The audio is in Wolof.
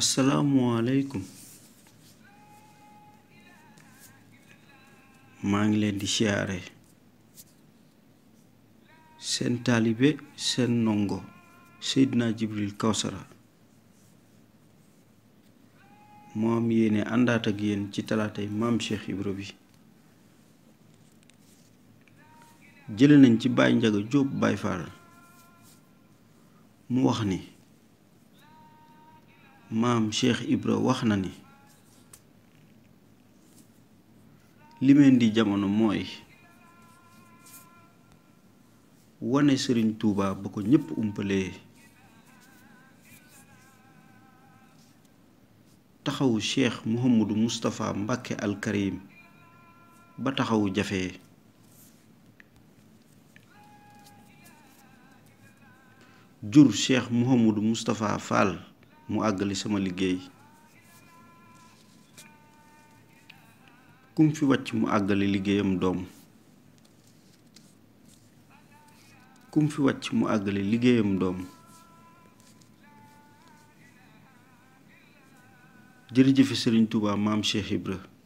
asalaamualeykum maa ngi leen di siyaare seen taalibe seen ndongo Seydina Jibril Kawsara moo am yéene àndaat ak yéen ci talaatay maam Cheikh Ibra bi jële nañ ci Baay Njaga Jóob Baay Faal mu wax ni maam Cheikh Ibra wax na ni limeen di jamono mooy wane sëriñ Tuuba ba ko ñépp umpalee taxawu Cheikh Mouhamadou Moustapha Mbacke al Karim ba taxawu jafe jur Cheikh Mouhamadou Moustapha Fall mu àggali sama liggéey kum fi wàcc mu àggali liggéeyam doom kum fi wàcc mu àggali liggéeyam doom jërëjëfe Sëriñ Tuubaa maam Cheikh Ibra